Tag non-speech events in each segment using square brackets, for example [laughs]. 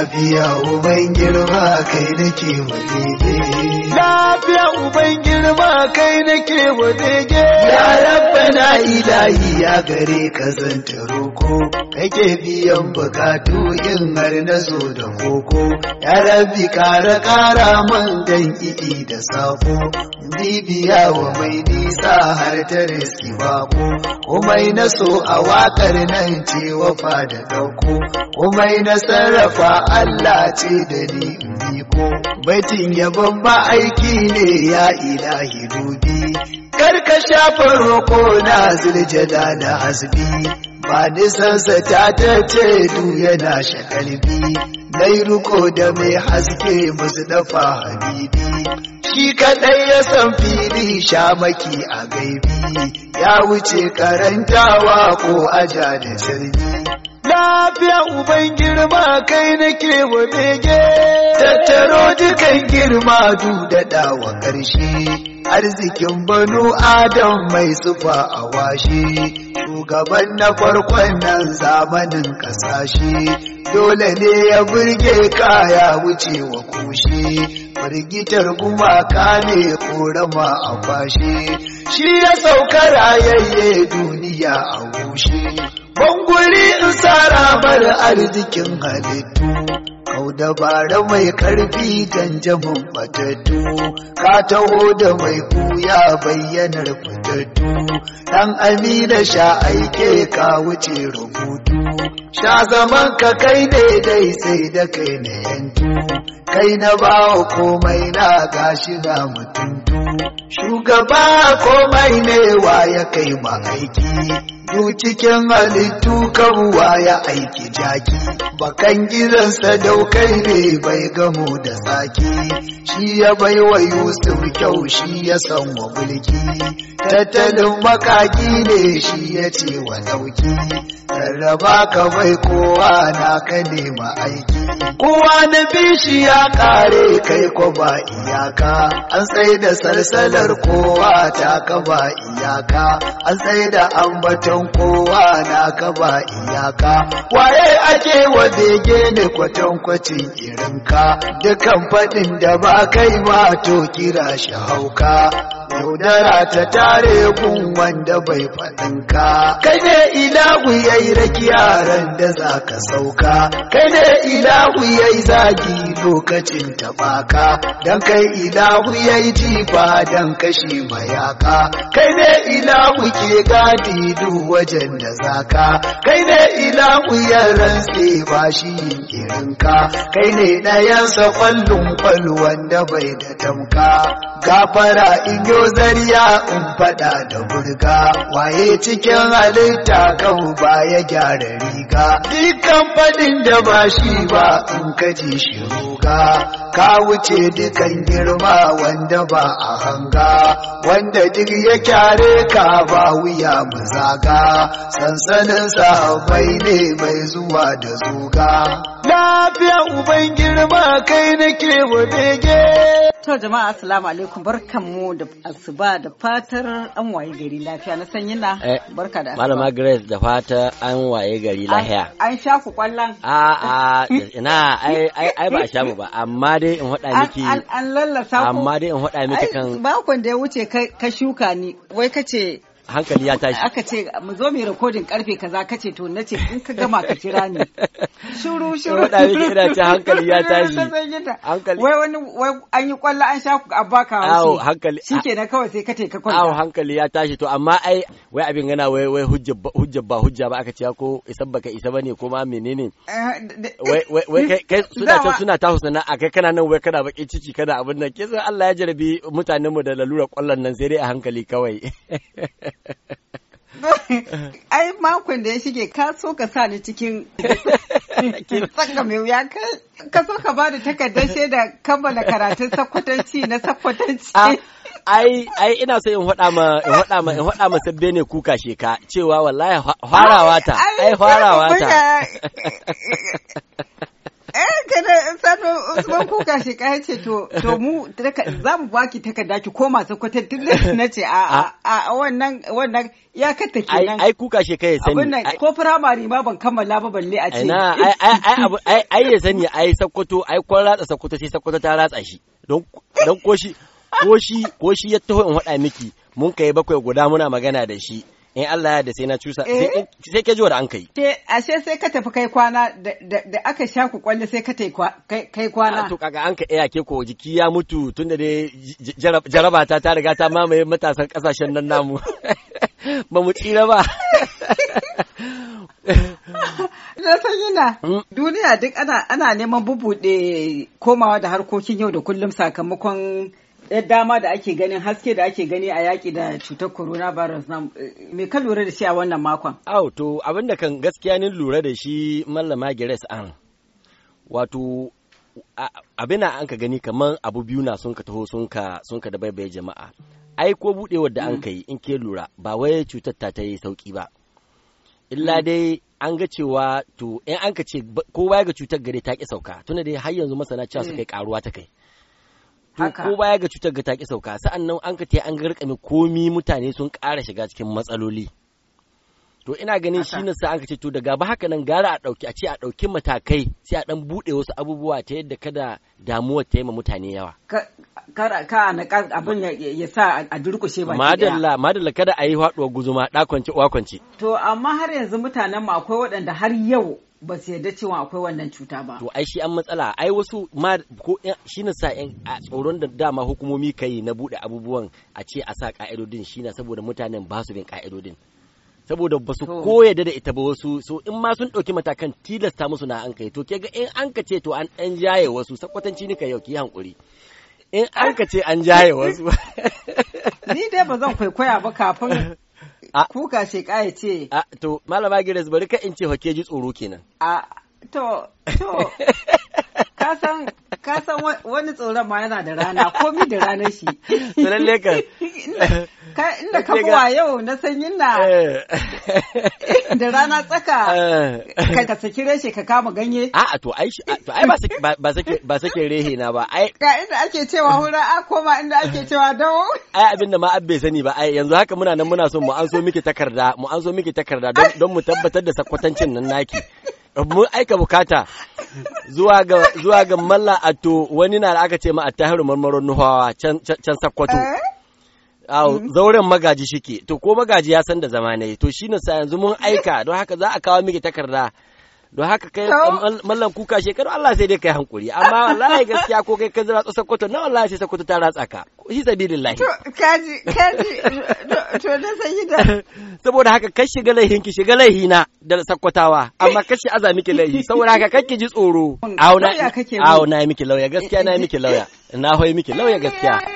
abiya uban girma kai nake madidi lafiya uban girma kai nake wadege ya na ilahi ya gare ka zanta roko kake biyan bukatu in har na zo da koko ya rabbi kara kara man dan idi da sako bibiya wa mai nisa har ta riski bako komai na so a wakar nan ce wafa da dauko komai na sarrafa Allah ce da ni in biko baitin yabon ba ai sarki ne ya ilahi dubi ka shafa roƙo na ziljada da hasbi ba nisansa ta ta ce du yana shakalbi dai ruko da mai haske musu dafa habibi shi kaɗai ya san fili shamaki a gaibi ya wuce karantawa ko aja da sirri lafiya uban girma kai nake wa bege tattaro dukan girma dudada wa ƙarshe arzikin banu adam mai sufa a washe shugaban na farkon nan zamanin kasashe dole ne ya burge kaya wuce wa kushe firgitar gumaka ne korama a fashe shi ya sauka rayayye duniya a wushe banguri in tsara bar arzikin halittu Kauda bara mai karfi janjamin fatattu, ka taho da mai kuya bayyanar fatattu, ɗan amina sha aike ka wuce rubutu, sha zaman ka kai ne dai sai da kai na yantu, kai na bawa komai na gashi na mutuntu. Shugaba komai ne wa ya kai ma aiki, du cikin halittu kan ya aiki jaki, bakan gizansa dau kai ne bai gamo da tsaki shi ya bai wa yusuf kyau shi ya san wa mulki tattalin makaki ne shi ya ce wa dauki jarraba ka bai kowa na ka nema aiki kowa na bishi ya kare kai ko ba iyaka an tsaye da salsalar kowa ta ka ba iyaka an tsaye da ambaton kowa na ka ba iyaka waye ake wa bege ne kwatankwacin irinka dukan faɗin da ba kai ma to kira shi hauka yaudara ta tare gun wanda bai faɗinka. kai ne ilahu yi raki yaran da za ka sauka kai ne ilahu yi zagi lokacin tabaka Don kai ilahu yi jifa don kashi mayaka kai ne ilahu ke gadi duk wajen da ka? kai ne ilahu ya rantse ba shi yin kirinka kai ne ɗayansa kwallon kwal wanda bai da tamka gafara in zariya in fada da burga waye cikin halitta kan ya gyara riga dukkan fadin da ba shi ba in kaji shi ruga ka wuce dukan girma wanda ba a hanga wanda duk ya kyare ka ba wuya mu zaga sansanin sahabbai ne mai zuwa da zuga lafiya uban girma kai nake wa bege To jama'a assalamu alaikum barkanmu da asuba da fatar an waye gari lafiya na san yana eh, barka da Malama Grace da fata an waye gari lafiya. An sha ku kwallon? A a ina ai ba sha mu ba amma dai in faɗa miki an lallasa amma dai in faɗa miki kan bakon da ya wuce ka shuka ni wai kace hankali ya tashi aka ce mu zo mu rikodin karfe kaza ce to na ce in ka gama ka kira ni [laughs] shuru shuru da yake ina ce hankali ya [laughs] tashi hankali wai wani wai an yi kwallo an sha ku abba ka haushi hankali na kawai sai ka yi ka kwallo awo hankali ya tashi to amma ai wai abin gana wai wai hujja ba hujja ba aka ce ko isan baka isa bane ko ma menene eh, wai wai kai suna ta suna ta a kai kana nan wai kana baki ciki kana abin nan ke Allah ya jarabi mutanenmu da lalura kwallon nan sai dai a hankali kawai [laughs] ai makon da ya shige ka so ka sa ni cikin tsanga mai wuya ka so ka bada takardar shaida kammala karatun sakwatanci na sakwatanci ah, ai ai ina so in faɗa ma in faɗa ma in faɗa ma sabbe ne kuka sheka cewa wallahi farawa ta ai farawa ta eh kada sanu usman kuka shi ka ce to to mu za mu baki takarda ki koma sokoto tun da na ce a a wannan wannan ya kata kenan ai kuka shi kai sani ko firamare ma ban kammala ba balle a ce na ai ai ai ya sani ai sokoto ai kon ratsa sokoto sai sokoto ta ratsa shi don don ko shi ko shi ko shi ya taho in faɗa miki mun kai bakwai guda muna magana da shi in Allah ya da sai na cusa sai eh? ke jiwa da an kai. ashe sai ka tafi kai kwana da aka sha ku kwalle sai ka tafi kai kwana. To kaga an ka iya ke ko jiki ya mutu da dai jaraba ta ta riga ta mamaye matasan kasashen nan namu. [laughs] Ba mu tsira ba. [laughs] Na san yana hmm? duniya duk ana neman bubuɗe komawa da harkokin yau da kullum sakamakon ɗaya dama da ake ganin haske da ake gani a yaƙi da cutar coronavirus na eh, me ka lura da shi a wannan makon? Aw to abinda kan gaskiya ni lura da shi mallama Gires an wato da an ka gani kamar abu biyu na sun ka taho sun ka sun ka bai jama'a ai ko budewar da an mm. kai in ke lura ba wai cutar ta ta yi sauki ba illa mm. dai an ga cewa to in an ka ce kowa ya ga cutar gare ta ki sauka tunda dai har yanzu masana cewa su eh. kai karuwa ta kai to ko baya ga cutar ga ta ki sauka sa'an nan an ka ta an garkame komi mutane sun kara shiga cikin matsaloli to ina ganin shi ne sa an ka ce to daga ba haka nan gara a ɗauki a ce a ɗauki matakai sai a ɗan buɗe wasu abubuwa ta yadda kada damuwa ta yi ma mutane yawa ka na abin ya sa a durkushe ba. madalla madalla kada a yi haɗuwar guzuma ɗakwanci ɗakwanci. to amma har yanzu mutanen mu akwai waɗanda har yau ba su yarda cewa akwai wannan cuta ba. To ai shi an matsala ai wasu ma ko shi na sa yan a tsoron da dama hukumomi kai na bude abubuwan a ce a sa ka'idodin shi na saboda mutanen ba su bin ka'idodin. Saboda ba su koya da ita ba wasu so in ma sun ɗauki matakan tilasta musu na an kai to ke ga in an ka ce to an ɗan jaye wasu sakwatanci ni ka yau ki hankuri. In an ka ce an jaye wasu. [laughs] Ni dai ba zan kwaikwaya ba kafin kuka shi kaya ce. A to malama Gires bari ka in ce hake ji tsoro kenan. A to to [laughs] ka san ka san wani tsoron ma yana da rana komi da ranar shi [laughs] lalle lekar inda ka buwa yau na sanyin na [laughs] eh. [laughs] da rana tsaka eh. ka saki reshe ka kama ganye a to ai to ai ba sake rehe na ba ai ka inda ake cewa hura a koma inda ake cewa dawo ai abin da ma abbe sani ba ai yanzu haka muna nan muna son mu an so miki takarda mu an so miki takarda don mu tabbatar da sakwatancin nan naki mun aika bukata zuwa ga malla a to wani na da aka ce ma attahiru marmaron nuhawa can can sakkwato eh? mm-hmm. zauren magaji shike to ko magaji ya san da zama ne to shi na yanzu mun aika don haka za a kawo miki takarda don haka kai mallan kuka shekaru Allah sai dai kai hankuri amma wallahi gaskiya ko kai ka zira sakwato na wallahi sai sakwato ta ratsa ka fi sabilillahi kaji kaji to na sanyi da [laughs] saboda haka kai shiga laihin ki shiga laihi na da sakkwatawa amma kai shi aza miki laihi saboda haka kai ki ji tsoro auna auna miki lauya gaskiya na miki lauya na hoyi miki lauya gaskiya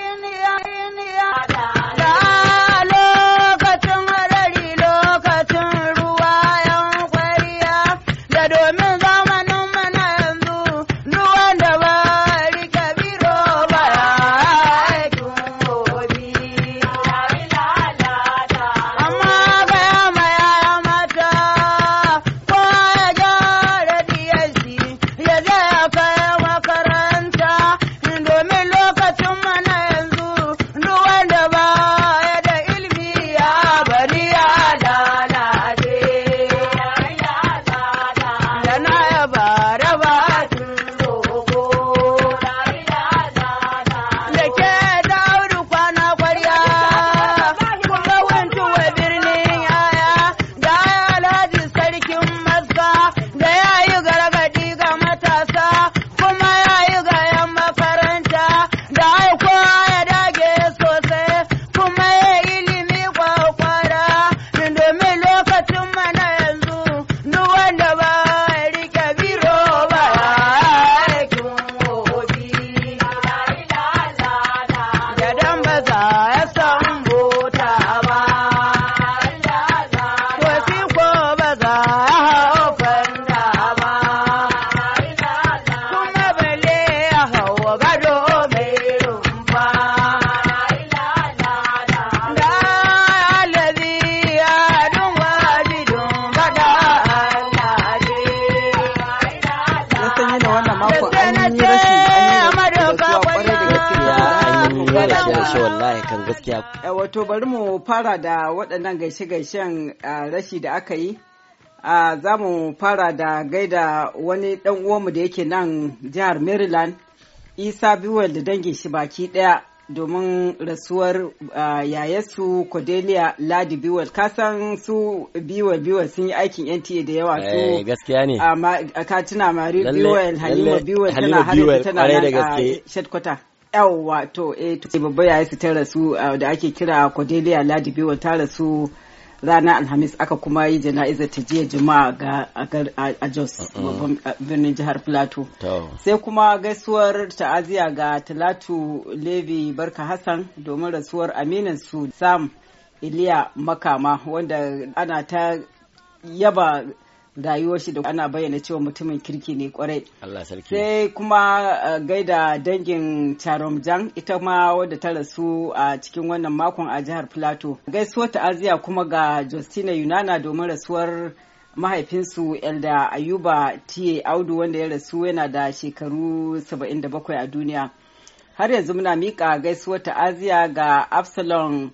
ودي wallahi kan gaskiya eh, wato bari mu fara da waɗannan gaishe-gaishen ah, rashi da aka yi ah, za mu fara da gaida wani ɗan uwanmu da yake nan jihar maryland isa biwel da dangin shi baki ɗaya domin rasuwar ah, yayarsu cordelia ladi biwel kasan su biwel biwel sun yi aikin nta da yawa su eh, gaskiya ne a katina mari biwel halima biwel tana har tana nan a shatkwata yau wato eh babba yayi su ta rasu eh, da ake kira Cordelia wa ta rasu ranar alhamis aka kuma yi jana'izar ta jiya juma'a a jos eh, birnin jihar plateau sai kuma gaisuwar ta'aziya ga talatu levi barka hassan domin rasuwar aminin su sam iliya makama wanda ana ta yaba rayuwar shi da ana bayyana cewa mutumin kirki ne kwarai. Allah sarki. Sai kuma eh, gaida dangin Charomjang ita ma wadda ta rasu a cikin wannan makon a jihar Plateau. Gaisuwar ta'aziya kuma ga Justina Yunana domin rasuwar mahaifinsu Elda Ayuba ta Audu wanda ya rasu yana da shekaru 77 a duniya. Har yanzu muna miƙa gaisuwar ta'aziya ga Absalom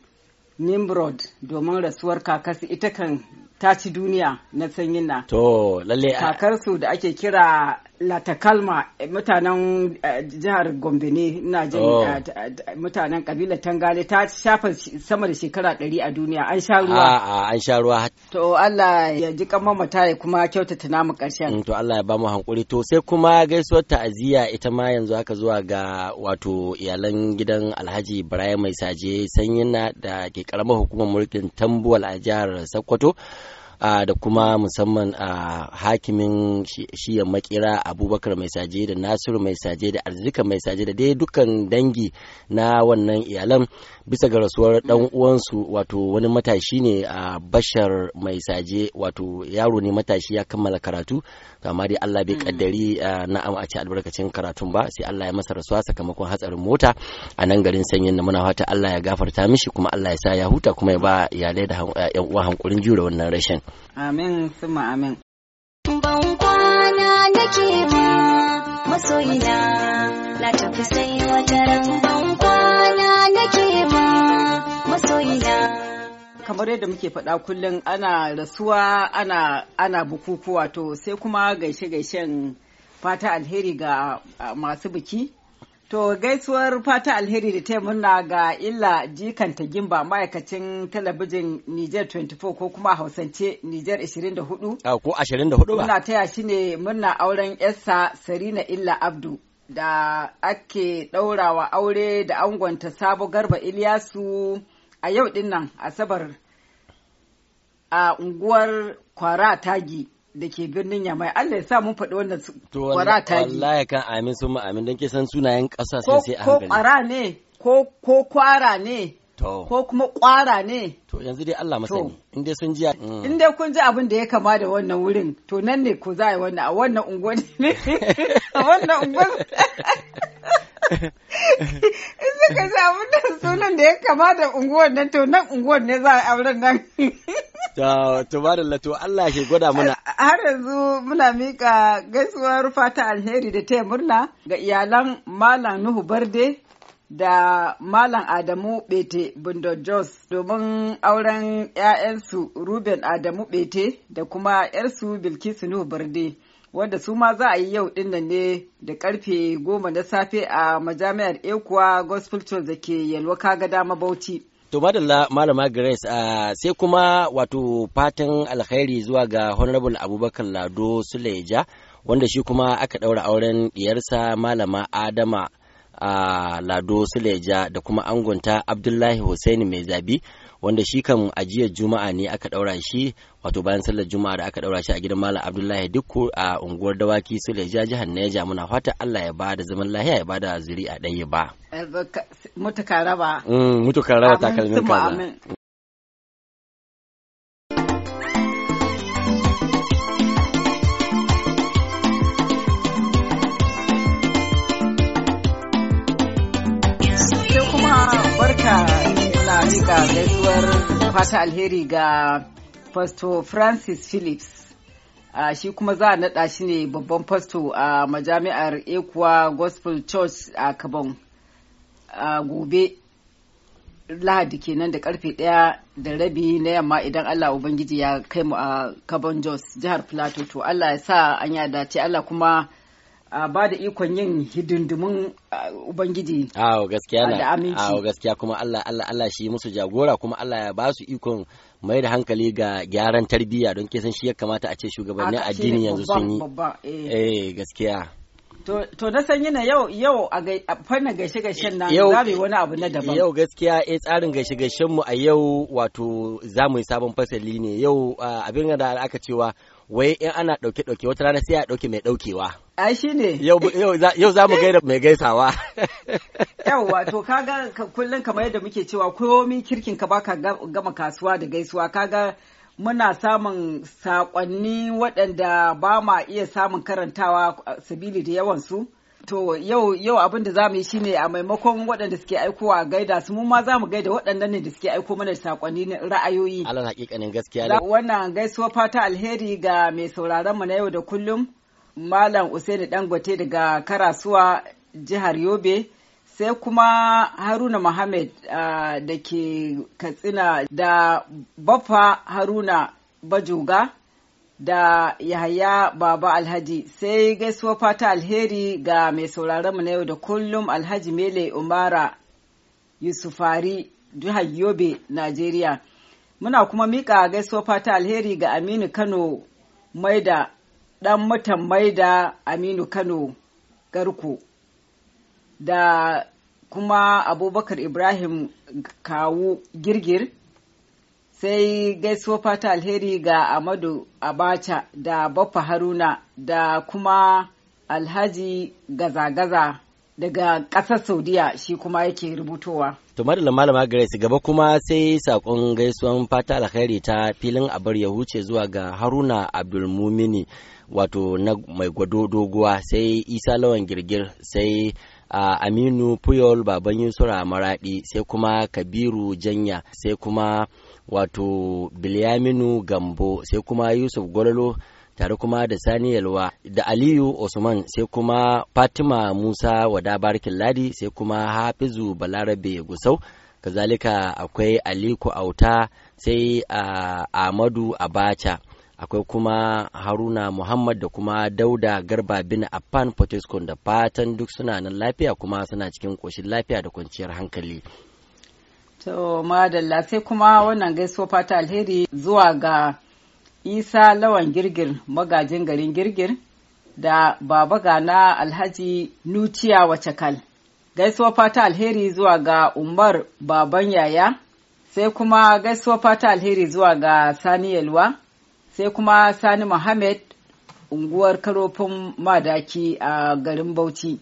Nimrod domin rasuwar kakasi ita kan ta ci duniya na sanyin na. To, lalle. Kakarsu da ake kira latakalma eh, mutanen eh, jihar gombe ne na jin oh. eh, mutanen kabilar tangale ta shafa sama da shekara ɗari a duniya an sha ruwa an sha ruwa to Allah ya ji kan mamata ya kuma kyautata namu ƙarshen mm, to Allah ya ba mu hankuri to sai kuma gaisuwar ta'aziyya ita ma yanzu aka zuwa ga wato iyalan gidan Alhaji Ibrahim Mai Saje Sanyina da ke karamar hukumar mulkin Tambuwal a jihar Sokoto da kuma musamman a hakimin shiya makira abubakar mai saje da nasiru mai saje da arzika mai saje da dai dukkan dangi na wannan iyalan bisa ga rasuwar dan uwansu wato wani matashi ne a bashar mai saje wato yaro ne matashi ya kammala karatu amma dai Allah bai mm. kaddari na'am a ci albarkacin karatun ba sai Allah ya masa rasuwa sakamakon hatsarin mota a nan garin sanyin na muna fata Allah ya gafarta mishi kuma Allah ya sa ya huta kuma ya ba iyalai da yan uwa hankulin jure wannan rashin amin suma amin ban kwana nake ba masoyina tafi sai wata ban kwana nake ba masoyina kamar yadda muke faɗa kullum ana rasuwa ana ana bukukuwa to sai kuma gaishe-gaishen fata alheri ga masu biki To gaisuwar fata alheri da ta murna ga illa jikanta gimba ma'aikacin talabijin Niger 24 ko kuma hausance Niger 24. A ko 24 ba. Muna taya shi ne murna auren yarsa Sarina Illa Abdu da ake ɗaurawa aure da angonta Sabo Garba Ilyasu a yau din nan asabar a unguwar kwara tagi da ke birnin yamai Allah ya sa mun faɗi wannan kwara tagi wallahi kan amin sun mu amin don kisan sunayen ƙasa sai sai a hankali ko kwara ne ko ko kwara ne ko kuma kwara ne to yanzu dai Allah masani in dai sun ji mm. in dai kun ji abin da ya kama da wannan wurin to nan ne ko za a yi wannan a wannan unguwar ne [laughs] a wannan unguwar [laughs] in suka samu da sunan da ya kama da unguwar nan to nan unguwar ne za a auren nan to ba da to Allah ke gwada mana har yanzu muna mika gaisuwar fata alheri da taya murna ga iyalan malam Nuhu Barde da Malam Adamu Bete bundo Jos domin auren 'ya'yansu Ruben Adamu Bete da kuma 'yarsu Bilkisu Nuhu Barde. wanda su ma za a yi yau dinnan ne da karfe goma na safe a majami'ar ekuwa gospel church da ke yalwa kaga dama bauchi To madalla malama Grace uh, sai kuma wato fatan alkhairi zuwa ga Honorable Abubakar Lado Suleja wanda shi kuma aka ɗaura auren diyarsa malama Adama uh, Lado Suleja da kuma angonta Abdullahi Hussaini mai zabi wanda shi kan a jiya juma'a ne aka daura shi wato bayan sallar juma'a da aka daura shi a gidan malam abdullahi dukku a unguwar dawaki su da jihar neja muna fata allah ya bada zaman lahiya ya bada a ɗaya ba eh, mutukan raba mm, mutukan raba takalmin kaza mika gaisuwar fata alheri ga Fasto Francis Phillips. Uh, shi kuma za a naɗa shi ne babban fasto a uh, majami'ar Ekuwa Gospel Church a uh, Kabon uh, gobe Lahadi kenan da karfe ɗaya da rabi na yamma idan Allah Ubangiji ya kai mu a Kabon Jos jihar Plateau to Allah ya sa an yada ce Allah kuma a ba da ikon yin hidindimin ubangiji awo gaskiya na gaskiya kuma Allah Allah Allah shi musu jagora kuma Allah ya ba su ikon mai da hankali ga gyaran tarbiyya don kesan shi ya kamata a ce shugabannin addini yanzu sun yi eh. eh gaskiya To na san yana yau yau a fannin gaishe gaishen nan za mu wani abu na daban. Yau gaskiya eh tsarin gaishe gaishen mu a yau wato za mu yi sabon fasali ne yau abin da aka cewa wai in ana ɗauke ɗauke wata rana sai a ɗauke mai ɗaukewa. Ai shi ne. Yau za mu gaida mai gaisawa. [laughs] Yawwa to kaga kullum kamar yadda muke cewa komi kirkin ka baka gama kasuwa da gaisuwa kaga muna samun saƙonni waɗanda ba ma iya samun karantawa sabili da yawansu. To yau yau abin da zamu yi shine a maimakon waɗanda suke aikowa gaida su mu ma zamu gaida waɗannan ne da suke aiko mana sakonni ra'ayoyi. na hakikanin gaskiya ne. Wannan gaisuwa fata alheri ga mai sauraron mu na yau da kullum Malam Usaini Dangote daga Karasuwa jihar Yobe. sai kuma haruna Mohammed da ke katsina da baffa haruna bajoga da Yahaya Baba Alhaji sai gaisuwa fata alheri ga mai mu na yau da kullum Alhaji Mele Umara Yusufari jihar Yobe, Najeriya. Muna kuma mika gaisuwa fata alheri ga Aminu Kano Maida ɗan mutan Maida Aminu Kano Garku da kuma Abubakar Ibrahim Kawu Girgir. sai gaisuwa fata alheri ga Amadu Abacha da Baffa Haruna da kuma Alhaji Gaza-Gaza daga ƙasar Saudiya shi kuma yake rubutowa. Tumar da Malama Grace gaba kuma sai saƙon gaisuwan fata alheri ta filin abar ya huce zuwa ga Haruna Abdulmumini wato na mai gwado doguwa sai Isa Lawan Girgir sai uh, Aminu Puyol Baban Yusura Maradi sai kuma Kabiru Janya sai kuma wato bilyaminu gambo sai kuma yusuf Gwalolo tare kuma da sani yalwa da aliyu usman sai kuma fatima musa wada barkin ladi sai kuma hafizu balarabe gusau kazalika akwai aliku auta sai a amadu abacha akwai kuma haruna muhammad da kuma dauda garba bin affan potiskon da fatan duk suna nan lafiya kuma suna cikin ƙoshin lafiya da kwanciyar hankali To madalla sai kuma wannan gaisuwa fata alheri zuwa ga Isa Lawan Girgir magajin garin Girgir da Baba Gana Alhaji Nuciya Wacakal. Gaisuwa fata alheri zuwa ga Umar Baban Yaya, sai kuma gaisuwa fata alheri zuwa ga Sani Yalwa, sai kuma Sani Muhammad unguwar Karofin Madaki a garin Bauchi.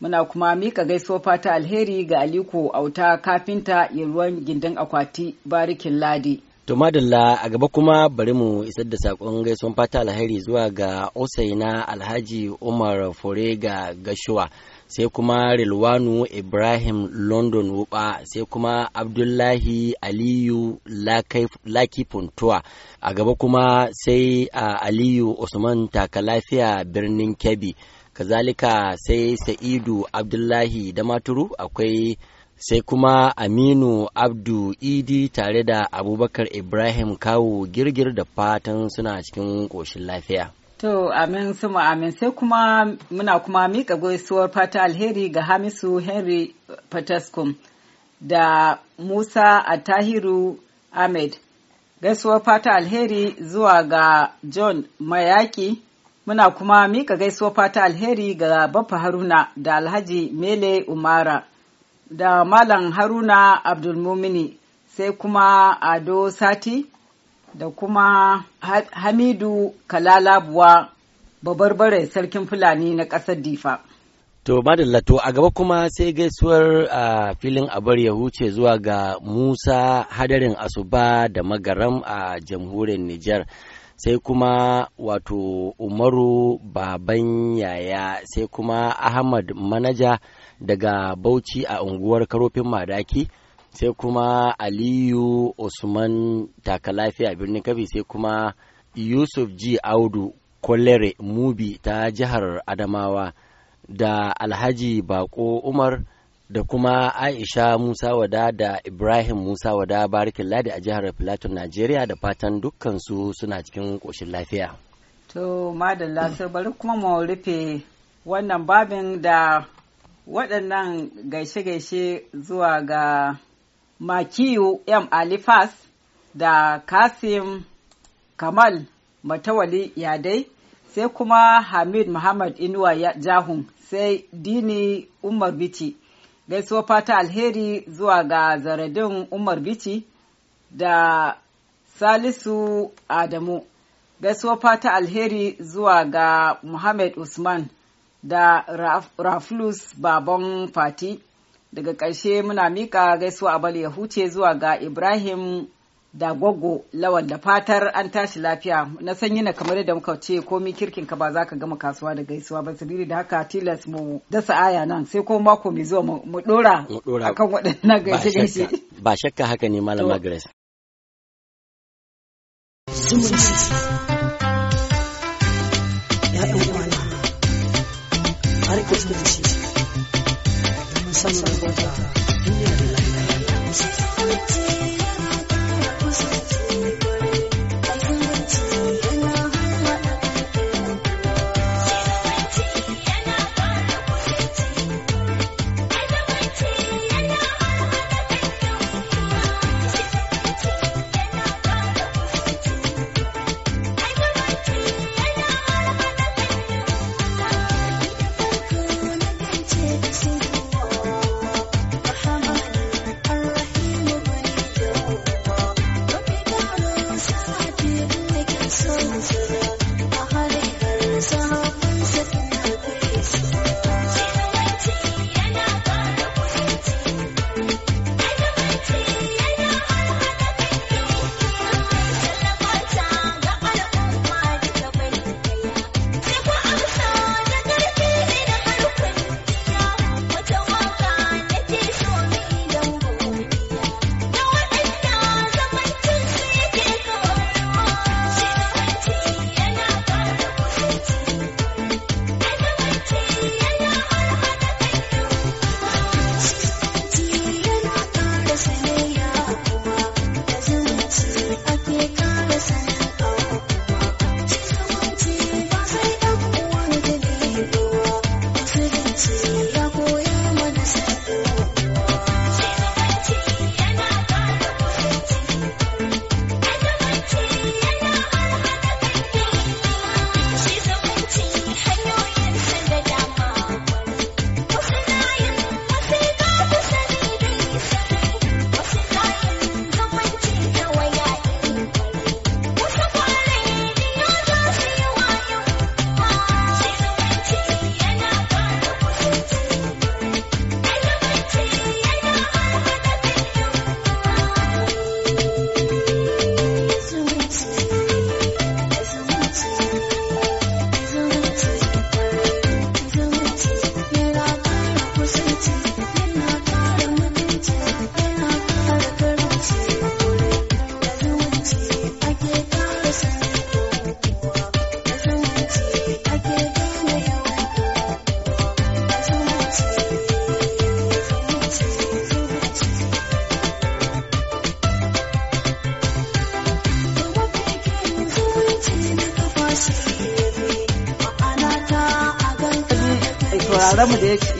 Muna kuma mika gaisuwa fata alheri ga Aliko Auta kafinta ruwan gindin akwati barikin ladi. To madalla a gaba kuma bari mu isar da sakon gaisuwan fata alheri zuwa ga Usaina Alhaji Umar Fore ga Gashuwa. sai kuma Rilwanu Ibrahim London Wuba sai kuma Abdullahi Aliyu Laki Funtuwa, a gaba kuma sai a Aliyu Usman Takalafiya birnin Kebbi kazalika sai sa'idu abdullahi da maturu akwai sai kuma aminu abdu idi tare da abubakar ibrahim kawo girgir da fatan suna cikin ƙoshin lafiya To amin suma amin sai kuma muna kuma miƙa gaisuwar fata alheri ga Hamisu Henry Pataskum da Musa Atahiru Ahmed. Gaisuwar fata alheri zuwa ga John Mayaki Muna kuma mika gaisuwa fata alheri ga Baffa Haruna da Alhaji Mele Umara da Malam Haruna Abdulmumini sai kuma Ado Sati da kuma Hamidu Kalalabuwa babarbare sarkin Fulani na ƙasar Difa. To madalla to a gaba kuma sai gaisuwar a filin abar ya huce zuwa ga Musa hadarin asuba da magaram a jamhuriyar Nijar. sai kuma wato umaru baban yaya sai kuma ahmad manaja daga bauchi a unguwar karofin madaki sai kuma aliyu usman takalafi a birnin kabi sai kuma yusuf ji audu kolere mubi ta jihar adamawa da alhaji bako umar da kuma Aisha Musa Wada da Ibrahim Musa Wada Barikin Ladi a jihar filatun Najeriya da fatan dukkansu suna cikin ƙoshin lafiya. To madalla sai bari kuma mu rufe wannan babin da waɗannan gaishe-gaishe zuwa ga Makiyu M. Alifas da Kasim Kamal Matawali Yadai sai kuma Hamid Muhammad Inuwa Jahun sai Dini Umar Bichi. gaisuwa fata alheri zuwa ga zaradin umar bichi da salisu adamu gaisuwa fata alheri zuwa ga muhammad usman da raflus babon fati daga ƙarshe muna miƙa gaisuwa abal ya huce zuwa ga ibrahim da gwaggo lawan da fatar an tashi lafiya na sanyi na kamar yadda muka ce komi kirkin ka ba za ka gama kasuwa da gaisuwa ba sabili da haka tilas mu dasa aya nan sai ko mako mai zuwa mu dora akan waɗannan gaishe gaishe ba shakka haka ne malama grace Thank you.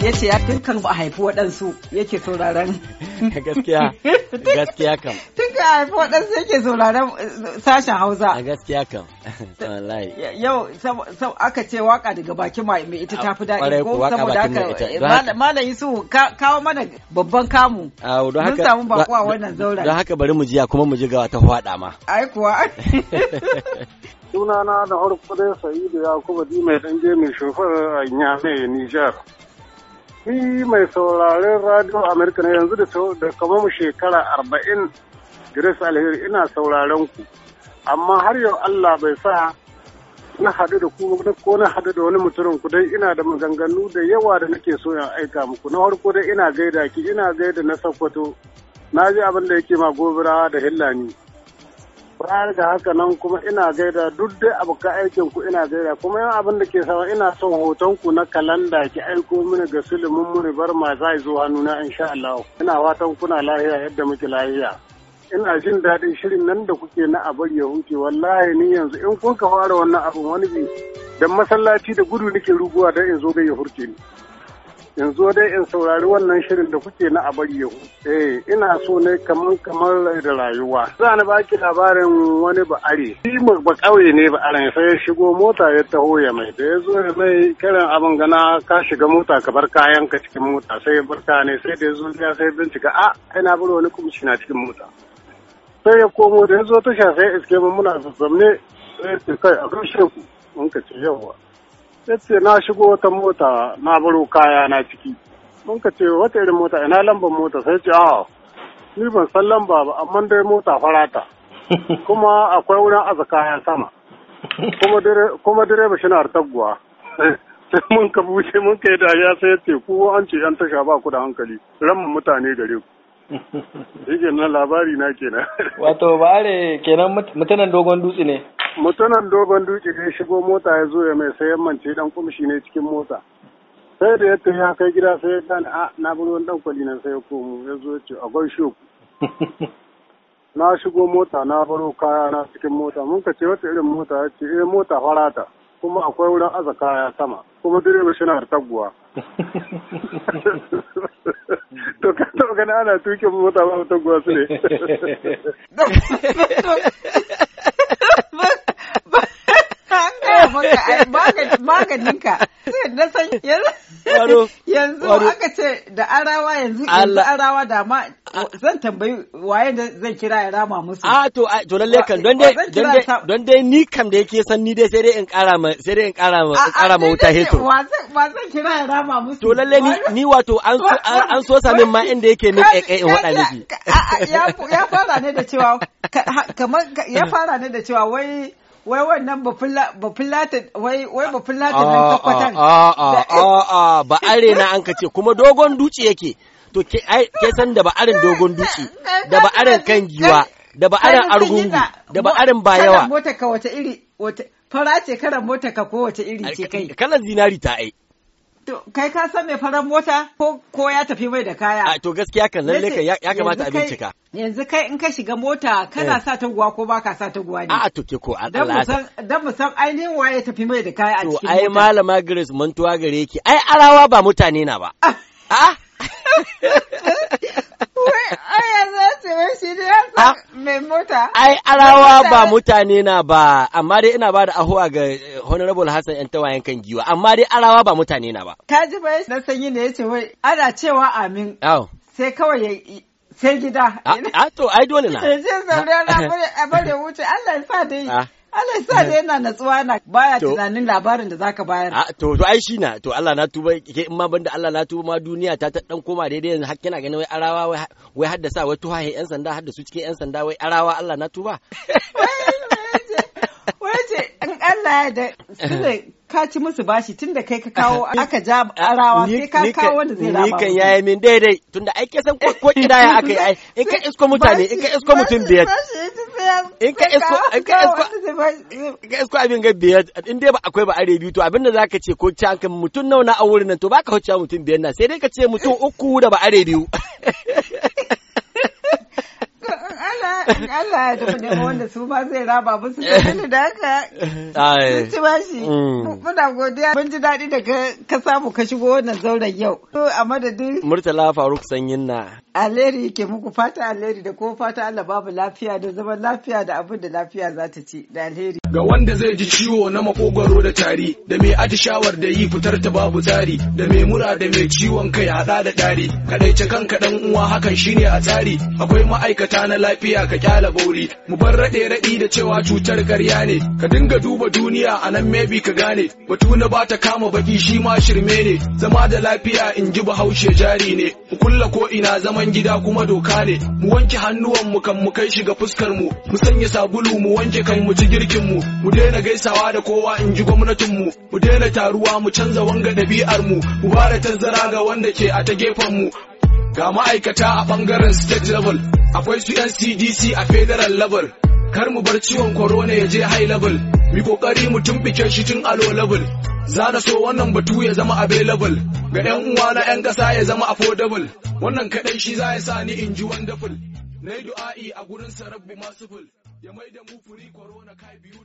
ya ce ya tun kan ba haifi waɗansu yake sauraron [laughs] gaskiya gaskiya kam tun kan haifi waɗansu yake sauraron eh, sashen hausa a gaskiya kam [laughs] yau sau aka ce waka daga baki mai ita tafi daɗi ko saboda haka eh, malam yusuf kawo mana babban kamu mun samu bako a wannan zauren don haka bari mu jiya kuma mu ji gawa ta faɗa ma [laughs] ai kuwa sunana da harko dai ya kuma di mai je mai shofar a nyame nijar Ni mai sauraren Radio America na yanzu da kamar mu shekara arba'in Grace Alheri ina sauraron ku. Amma har yau Allah bai sa na haɗu da ku ko na haɗu da wani mutumin ku dai ina da maganganu da yawa da nake so in aika muku. Na farko dai ina gaida ki ina gaida na Sokoto. Na ji abin da yake ma gobara da Hillani. Bayar ga haka nan kuma ina gaida duk dai ka aikin ku ina gaida kuma yan abin da ke sawa ina son hoton ku na kalanda ki aiko mini ga sulumin muni bar ma za zo in insha Allah. Ina watan kuna lahiya yadda muke lahiya. ina jin daɗin shirin nan da kuke na a bar ya huce wallahi ni yanzu in kun ka fara wannan abin wani bi dan masallaci da gudu nake ruguwa dan in zo bai ya hurce ni yanzu dai in saurari wannan shirin da kuke na abari yau eh ina so ne kamar kamar da rayuwa za ni baki labarin wani ba'are shi ba kauye ne ba aran sai ya shigo mota ya taho ya mai da ya zo ya mai kiran abin gana ka shiga mota ka bar kayan ka cikin mota sai ya bar ne sai da ya zo ya sai bincika a ah, ina bar wani kumshi na cikin mota sai ya komo da ya zo tasha sai iske mun muna zazzamne sai kai a rushe ku mun ka ce yawa yace na shigo wata mota na baro kaya na ciki mun ka ce wata irin mota ina lambar mota sai ce a ah, ni ban san lamba ba amma dai mota farata [laughs] kuma akwai wurin aza kaya sama kuma direba shi na taguwa [laughs] sai mun ka bushe mun ka yi dariya sai ya ce ku an ce an tasha ba ku da hankali ran mutane gare ku Shi nan labari na kenan. Wato bare kenan mutanen dogon dutse ne. Mutanen dogon dutse ne shigo mota ya zo ya mai sayan mance dan kumshi ne cikin mota. Sai da ya ya kai gida sai ya gane a ah, na bi ruwan dan kwali nan sai ya komo ya zo ya ce a gon [laughs] Na shigo mota na baro kaya na cikin mota mun ka ce wata irin mota ya ce eh mota farata kuma akwai wurin aza kaya sama kuma direba shi na da taguwa. to ka taɓa gani ana tuke mota ba mutum ne maganinka na san yanzu aka ce da arawa yanzu arawa da ma zan tambayi waye da zan kira ya rama musu a ah, to to lalle kan don dai don dai ni kam da yake san ni dai sai dai in kara ma sai dai in kara ma in kara ma wuta heto wa zan kira ya rama musu to lalle ni wato an an so sa min ma inda yake min kai in wada miki ya fara ne da cewa kamar ya [laughs] fara ne da cewa wai wai wannan bafilatin wai wai bafilatin nan tabbatan a a a ba are na an kace kuma dogon duci yake to ke san da ba aren dogon duci da ba aren kan giwa da ba aren argungu da ba aren bayawa mota ka wata iri fara ce karan mota ka ko wata iri ce kai kalan zinari ta ai kai ka san mai farar mota ko ko ya tafi mai da kaya. A to gaskiya kan lalle ka ya kamata a bincika. Yanzu kai in ka shiga mota kana eh. sa taguwa ko baka sa taguwa ne. A to ke ko a tsala. Dan mu san ainihin waye tafi mai da kaya a cikin mota. To ai malama Grace mantuwa gare ki ai arawa ba mutane na ba. A [laughs] ah! mai mota. Ai, arawa ba mutane na ba, amma dai ina ba da ahuwa ga Honorable Hassan ‘yan tawayen kan giwa, amma dai arawa ba mutane na ba. Ka ji bai na sanyi ne ya ce wai, ana cewa amin. Sai kawai ya sai gida. A to, ai dole na. Sai zaure na bare wuce, Allah ya sa dai. Ah. Allah sa da yana natsuwa na baya tunanin labarin da zaka bayar. To to ai shina to Allah na tuba ke in ma banda Allah na tuba ma duniya ta ta dan koma daidai yanzu hakki na ganin wai arawa wai haddasa wai tuhaye yan sanda su cikin yan sanda wai arawa Allah na tuba. [laughs] Wai ce in Allah da sule ka ci musu bashi da kai ka kawo [laughs] aka ja arawa sai ka kawo wanda zai rama. Ni kan yi min daidai tunda da ke san ko ya aka yi ai in ka isko mutane in ka isko mutum biyar. In ka isko in ka isko in ka isko abin ga biyar in dai ba akwai ba are biyu to abin da zaka ce ko can kan mutum nauna na a wurin nan to baka hucce mutum biyar na sai dai ka ce mutum uku da ba are biyu. [laughs] Allah Allah ya tafi da wanda su ma zai raba musu da da haka sun ci bashi mm. muna godiya mun ji daɗi da ka samu ka shigo wannan zauren yau a madadin Murtala Faruk Sanyin na alheri ke muku fata alheri da ko fata Allah babu lafiya da zaman lafiya da abin da lafiya za ta ci da alheri. Ga wanda zai ji ciwo na makogwaro da tari da mai aji shawar da yi fitar ta babu tsari da mai mura da mai ciwon kai hada da tari kadaice kanka ɗan uwa hakan shine a tsari akwai ma'aikata na lafiya ka kyala bauri mu bar raɗe-raɗi da cewa cutar karya ne ka dinga duba duniya a nan maybe ka gane batu na ta kama baki shi ma shirme ne zama da lafiya in ji bahaushe jari ne mu kulla ko ina zaman gida kuma doka ne mu wanke hannuwan mu kan mu kai shiga fuskar mu mu sanya sabulu mu wanke kan mu ci girkin mu mu daina gaisawa da kowa in ji gwamnatin mu mu daina taruwa mu canza wanga dabi'ar mu mu da tazzara ga wanda ke a ta gefen mu ga ma'aikata a bangaren state level akwai su NCDC a federal level kar mu bar ciwon corona ya je high level mi kokari mu tumbike shi tun a low level za na so wannan batu ya zama available ga yan uwa na yan kasa ya zama affordable wannan kadai shi za ya sa ni in ji wonderful na yi du'a'i a gurin sarabbi masu ful ya mai da mu furi corona kai biyu